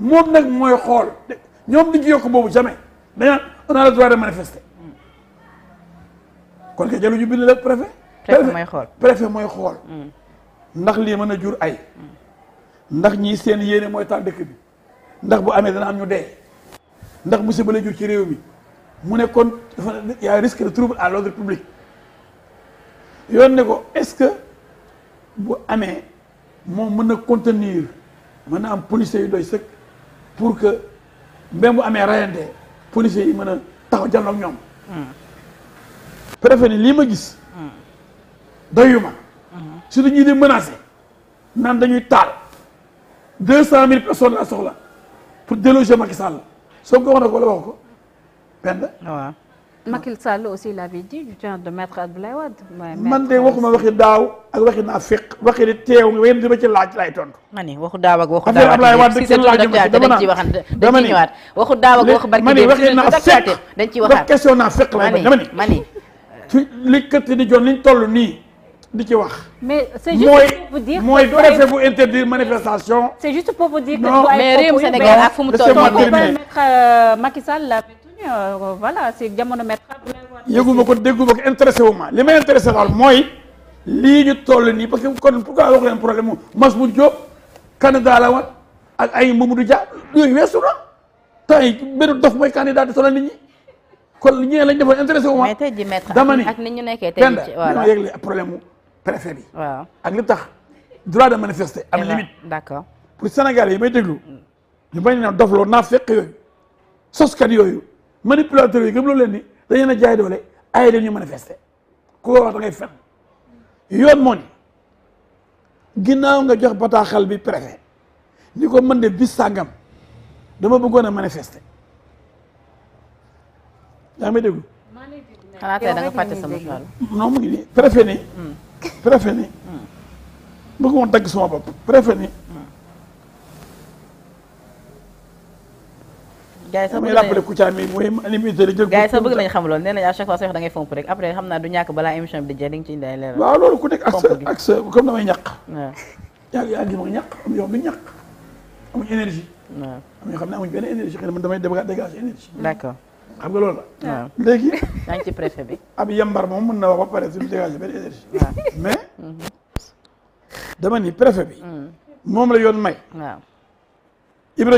moom nag mooy xool ñoom duñ ci yokk boobu jamais dañu on a le droit kon kay jëlu ñu bind la préfet. préfet mooy xool mooy xool. Mm. ndax lii mën a jur ay. ndax ñii seen yéene mooy taal dëkk bi ndax bu amee dana am ñu dee ndax musiba la jur ci réew mi mu nekkoon kon dafa y a risque de trouble à l'ordre public yoon ko est-ce que bu amee moom mën na contenir mën na am policiers yu doy sëkk. pour que même bu amee rayante policiers yi mën a taxaw jàlloog ñoom. préfet ni lii ma gis. doyuma. surtout ñi di menacé naan dañuy taal deux cent mille personnes la soxla pour déloger Macky Sall soo ko wax na ko la wax ko. Macky Sall aussi l'avait dit du temps de maître Abdoulaye Wade. man de waxuma waxi daaw ak waxi naa fekk waxi di teew yéen dama ci laaj laay tontu. ma ne waxu daaw ak waxu daaw ak si surtout dañ ciy waxaat dañ ciy ñëwaat waxu daaw ak waxu barke bi dañ ciy waxaat question naa fekk laay bañ dama ni ma ni ci li këtt di joon liñ toll nii. di ci wax. mais c'est juste pour vous dire mooy mooy préfet bu interdire manifestation. c'est juste pour vous dire que. non mais réewum Sénégal ak ah, fu mu toll nii Euh, voilà si jamono yëguma ko dégguma ko intéressé wu ma li ma intéressé daal li lii ñu toll nii parce que kon pourquoi wax leen problème mu Masmoud Diop candidat la woon ak ay Mamadou Dia yooyu weesu na temps yi benn dof mooy candidat di sonal nit kon ñi lañ defoon intéressé wu ma. mais tey jii maître dama ni ak ñu nekkee tey jii voilà problème mu préfet bi. waaw ak li tax droit de manifester. am limite pour Sénégalais yi may déglu. ñu bañ a dof loo naa fekk yooyu soskat yooyu. manipulateurs yi gëm loolu leen ni dañu leen a jaay doole ay dañuy manifester ku ko wax ngay fen yoon moo ni ginnaaw nga jox bataaxal bi préfet ni ko mën de bis sàngam dama bëggoon a manifester yaa ngi may déglu. xanaa da nga fàtte mu ngi nii préfet ni hmm. préfet ni hmm. dagg sama bopp préfet ni gars yi sax bëgg nañu xam loolu nee nañu à chaque fois soo wax da ngay fomp rek après xam naa du ñàkk balaa émission bi di jeex ci indi ay leeral waaw ku nekk ak sa ak sa ñàkk yaa yaa ngi ñàkk am yow amuñ xam ne amuñ benn énergie xëy na man damay dégager énergie d'accord xam nga loolu la ngi ci préfet bi ab yambar moom mën na wax ba pare suñu mm-hmm. dama ni préfet bi mm. moom la yoon may waaw Ibra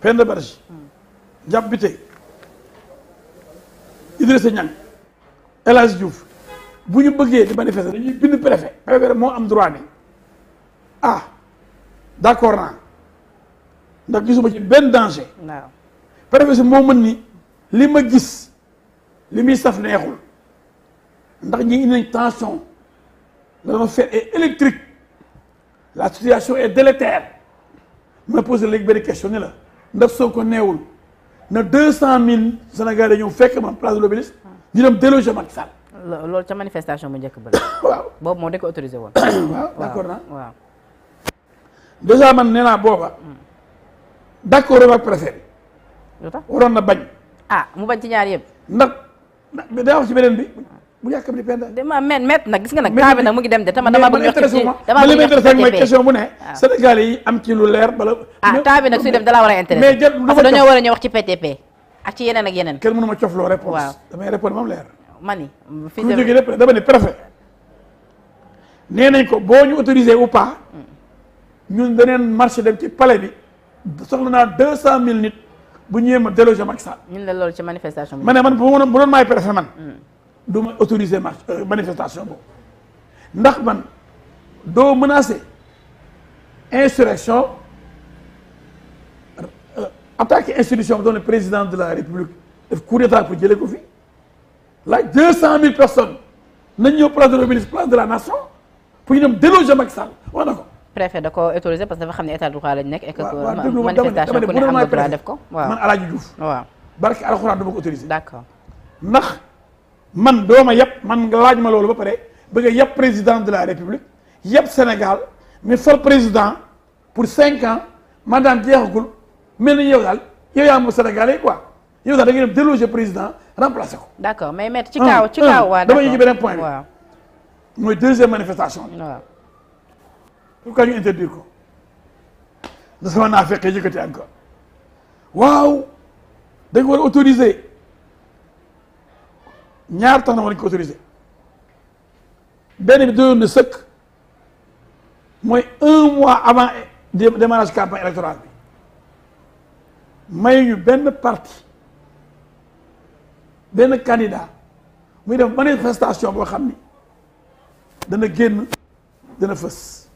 Penda Barji Ndiab Bité Idrissa Niang El Hadj Diouf bu ñu bëggee di manifester dañuy bind préfet préfet moo am droit ni ah d'accord naa ndax gisuma ci benn danger. waaw préfet si moo mën ni li ma gis li muy saf neexul ndax ñi indi nañ tension la l'atmosphère est électrique la situation est délétère ma pose léegi benn question la. ndax ko neewul na 200000 Sénégalais dañoo fekk ma place de l'Obélisque ñu dem déloger Macky Sall. loolu ca manifestation bu njëkk ba waaw boobu moo dañ ko autorisé woon. waaw d'accord naa waaw. déjà man nee naa booba. Hmm. d'accord ak préfet bi. lu tax waroon na bañ. ah mu bañ ci ñaar yëpp. ndax daa wax ci beneen bi. bu yàkkam di penda dama men met nag gis nga nag kaa bi nag mu ngi dem de tama dama bëgg ñu wax ci dama bëgg ñu wax ci mooy question bu ne Sénégal yi am ci lu leer bala ah taa bi nag suy dem dalaa war a intéressé parce que dañoo war a ñëw wax ci PTP ak ci yeneen ak yeneen kenn mënu ma cofloo réponse waaw damay répondre moom leer ma ni fi mu jógee lépp dama ne préfet nee nañ ko boo ñu autorisé ou pas ñun daneen marché dem ci palais bi soxla naa deux cent mille nit bu ñëwee ma délogé Macky Sall ñun la loolu ci manifestation bi ma ne man bu doon maay préfet man hmm. du ma autoriser marche euh, boobu ndax man doo menacer insurrection euh, attaquer institution bi doon le président de la république def coup d'état pour jëlee ko fi la deux cent mille personnes nañ ñëw place de la nation pour ñu dem déloger Macky Sall wax na ko. préfet da ko autorisé parce que dafa xam ne état de droit lañ nekk. et que manifestation def ko man El Hadj Diouf. barke alxuraan du ko autorisé. d'accord man dooma ma yëpp man nga laaj ma loolu ba pare bëgg a yëpp président de la république yëpp Sénégal mi sol président pour cinq ans maanaam jeexagul mel ni yow daal yow yaa moom Sénégalais quoi yow daal da ngay dem déloger président remplacer ko. d' mais maître ci kaw ci kaw waaw dama ñu ci beneen point bi waaw mooy deuxième manifestation bi. waaw pourquoi ñu interdire ko. da sama encore waaw dañ ko war ñaar tax na war nañ ko benn bi na sëkk mooy un mois avant démarrage campagne électorale bi may ñu benn parti benn candidat muy def manifestation boo xam ni dana génn dana fës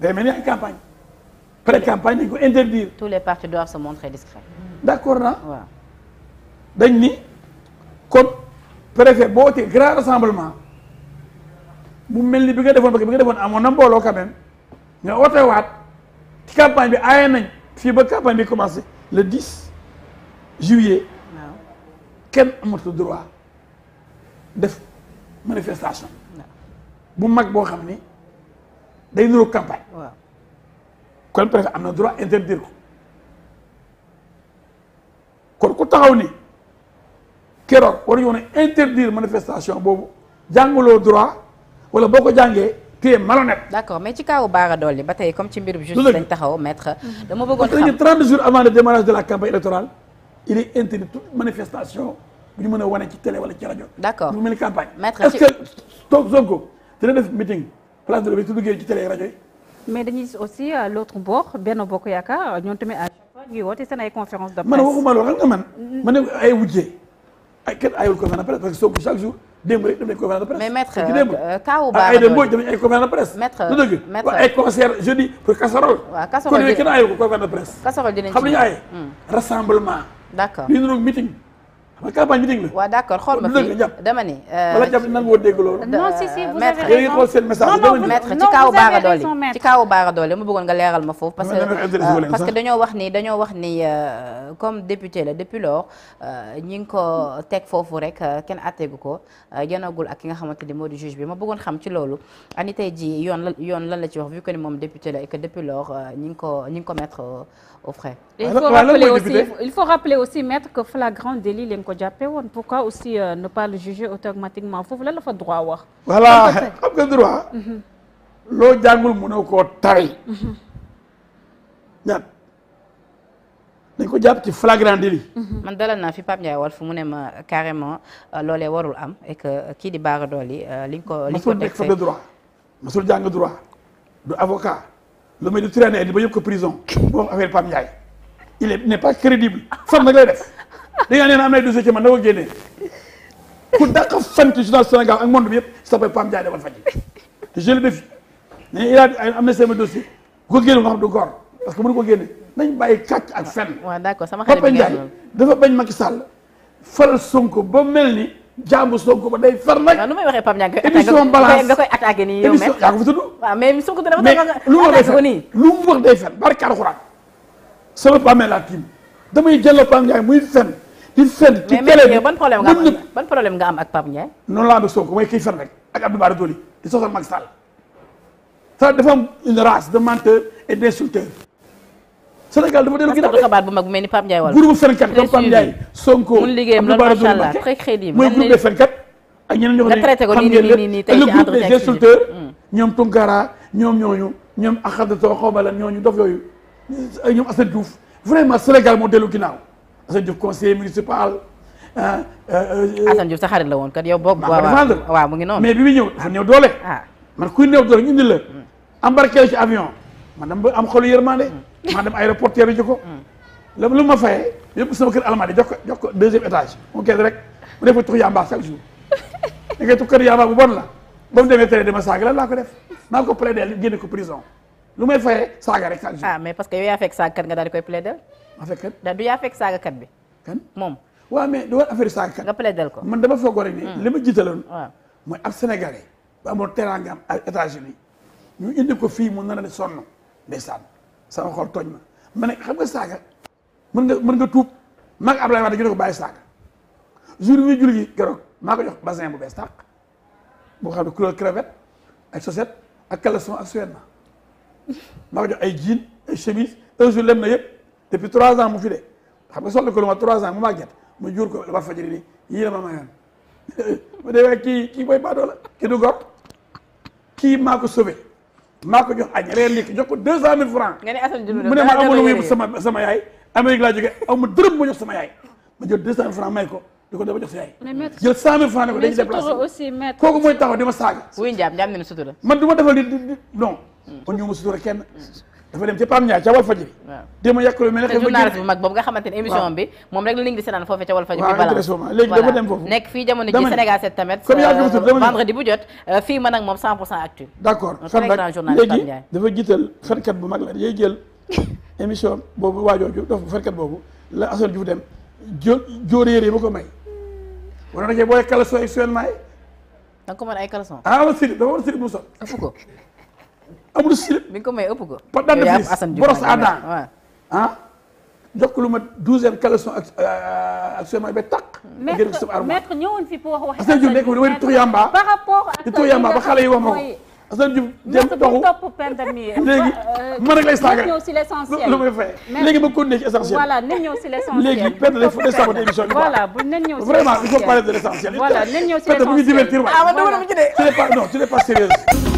day mel ni ay campagne pré campagne dañ ko interdire. tous les partis doivent se montrer discrets. d' accord naa. kon préfet boo wootee grand rassemblement mu mel ni bi nga defoon parce que bi nga defoon amoon na booloo quand même nga woote waat ci bi aaye nañ fii ba campagne bi commencé le 10 juillet. waaw kenn amatul droit def manifestation. bu mag boo xam ni day niru campagne. waaw kon préfet am na droit interdire kon ku taxaw ni keroog waruñu woon a interdire manifestation boobu jàngaloo droit wala boo ko jàngee téye malhonnête. d' accord mais ci kaw Bara Dolly ba tey comme ci mbirum justice lañ taxaw maître. dama bëggoon xam 30 jours avant le démarrage de la campagne électorale il est interdit toute manifestation bu ñu mën a wane ci télé wala ci rajo. d' accord bu mel ni campagne. maître est ce que toog Sonko dina def meeting place de l'Obélisque duggee ci télé rajo yi. mais dañuy gis aussi euh, l' autre bord Bokk Yaakaar ñoom tamit à chaque fois ñuy woote seen ay conférences de presse. man waxuma loolu xam mm. ay wujjee. ay kenn ayul conférence de presse parce que Sonko chaque jour démb rek def nañ de presse. mais maître euh, Kaawu ah, Ba ay dem boo def de presse. maître dëgg ay jeudi pour casserole. ko kon kenn ayul ko conférence de presse. casserole dinañ ci xam nañu ay. rassemblement. d'accord ma campagne bi dégg na. waaw d' accord xool ma fi dama ni. wala euh, ci kaw baara doole ci kaw baara doole ma bëggoon nga leeral ma foofu. parce que dañoo wax ni dañoo wax ni euh, comme député la depuis lors euh, ñi ngi ko teg foofu rek kenn àtteegu ko janagul ak ki nga xamante ni moo di juge bi ma bëggoon xam ci loolu. ani tey ji yoon la yoon lan la ci wax vu que ni moom député la et que depuis lors ngi ko ñi ngi ko mettre au frais. il ah, faut rappeler aussi il faut rappeler aussi maître que ko jàppee woon pourquoi aussi euh, ne pas le juger automatiquement foofu lan la fa droit wax. voilà xam nga droit. Mhm. loo jàngul mënoo ko tari. Mhm. ñaat dañ ko jàpp ci flagrant délit. Mhm. man dalal naa fi Pape Ndiaye Wolf mu ne ma euh, carrément euh, loolee warul am et que kii di baara dool yi liñ ko. liñ ko teg fee nekk de droit masul jàng du avocat lu may du traîner di ba yëpp ko prison boo affaire Pape Ndiaye il n'est pas crédible fan nag lay def. da ngaa neena am nay dossier ci man na ku dàq fan ci journal Sénégal ak monde bi yëpp s'appelle Pam Ndiaye demal faji te je a am na seen dossier ko génne nga xam du góor parce que mënu ko génne nañ bàyyi kàcc ak fenn waaw d'accord sama xarit bi Ndiaye dafa bañ Macky Sall fal Sonko ba mel ni jàmbu Sonko ba day far nag. waaw balance ma attaqué ko nii lu mu wax day fen barke alxuraan sama Pape laa tiim damay jël Pape Ndiaye muy fen il fen ci télé bi ban problème nga am ban problème nga am ak Pape Ndiaye. noonu laa amee Sonko mooy kiy fen rek ak Abdou Bara Dolly di sosal Macky Sall. ça dafa am une race de menteurs et d'insulteurs. Sénégal dafa dellu ginnaaw de xabaar bu mag bu mel ni Pape Ndiaye wala. groupe fenkat comme Pape Ndiaye Sonko Abdou Bara Dolly Mbacké très crédible mooy groupe des fenkat ak ñeneen ñoo xam ne xam ngeen lépp le groupe des insulteurs mm. ñoom Tunkara ñoom ñooñu ñoom Akhadatoo xaw ma lan ñooñu dof yooyu ñoom Assane Diouf vraiment Sénégal moo dellu ginnaaw Assane Diouf conseiller municipal. Euh, euh, euh, Assane Diouf sa xarit la woon kat yow. boobu waaw mu ngi noonu. mais bi muy ñëw dafa ñëw doole. Ah. man kuy néew doole ñu indi la. Hmm. embarqué ci avion. man dama am xolu yërmande. Hmm. maa dem aéroport teeru ji hmm. la lu ma fayee yëpp sama kër Almadi jox ko étage mu kese rek mu ba mu demee tere dama saaga lan laa ko def maa ko plaidé rek ah, saaga kat nga daal di koy plaidé. en fait kat du yaa fekk saagakat bi. kan moom. waaw mais du war affaire saagakat. nga plaidel ko man dama foogoo rek ne. Hmm. li ma jiitaloon. mooy ab sénégalais. ba amoon teraangaam ak États-Unis indi ko fii mu nar a sonn ndeysaan sama xol tooñ ma ma ne xam nga saaga mën nga mën nga tuub maa ngi Abdoulaye Wade ñu ne ko bàyyi gi keroog maa ko bassin bu bees tàq boo xam ne couleur crevette ay chaussette ak caleçon ak suède maa ko jox ay jean ay chemise un lem na yëpp. depuis trois ans mu fi de xam nga soxla ko lu ma trois ans mu màgget mu jur ko war fajiri ni yii la ma mayoon bu dee waaye kii kii booy baadoo la kii du gor kii maa ko sauvé maa ko jox añ reer lekk ko deux cent mille francs mu ne ma amul muy sama sama yaay Amérique laa jógee aw ma dërëm sama yaay ma deux cent mille francs may ko di ko dama jox sa yaay jël cent mille francs ne ko dañuy déplacé ma man du ma defal di non kon ñëw ma sutura dafa dem ca Pam Ndiaye ca Walfadjri. waaw démb yàq lu mel ne. te journaliste bu mag boobu nga xamante ne émission bi. moom rek la nit ñi di seetaan foofee ca Walfadjri. waaw intéressant léegi dama dem foofu. nekk fii jamono ji Sénégal 7 tamit. comme yaa euh, ngi jot euh, fii man mag la day jël émission boobu waajooju dof bu fenkat boobu la Assane Diouf dem jó jóoréer yi ma ko may. wala nag booy caleçon yi suen maay. da nga ko mën ay caleçon. ah wala sirip dafa war sirip mu sol. ko amul slip. bi nga ko may ëpp ko. pot daan na fii brosse à dents ah jox ma douzaine caleçon ak euh, ak sooy ba tàq. ngir sama armoire maître ñëwoon fi pour wax. Assane Diouf nekk fi di tux yamba. par ba xale yi wax ma ko. Assane Diouf jëm doxu léegi euh, man rek lay saaga lu may fay léegi ma continuer ci essentiel voilà nañ ñëw si l'essentiel léegi perte la faut saboter émission bi voilà bu nañ ñëw vraiment de l'essentiel voilà nañ ñëw si l'essentiel perte divertir waay ah man dama la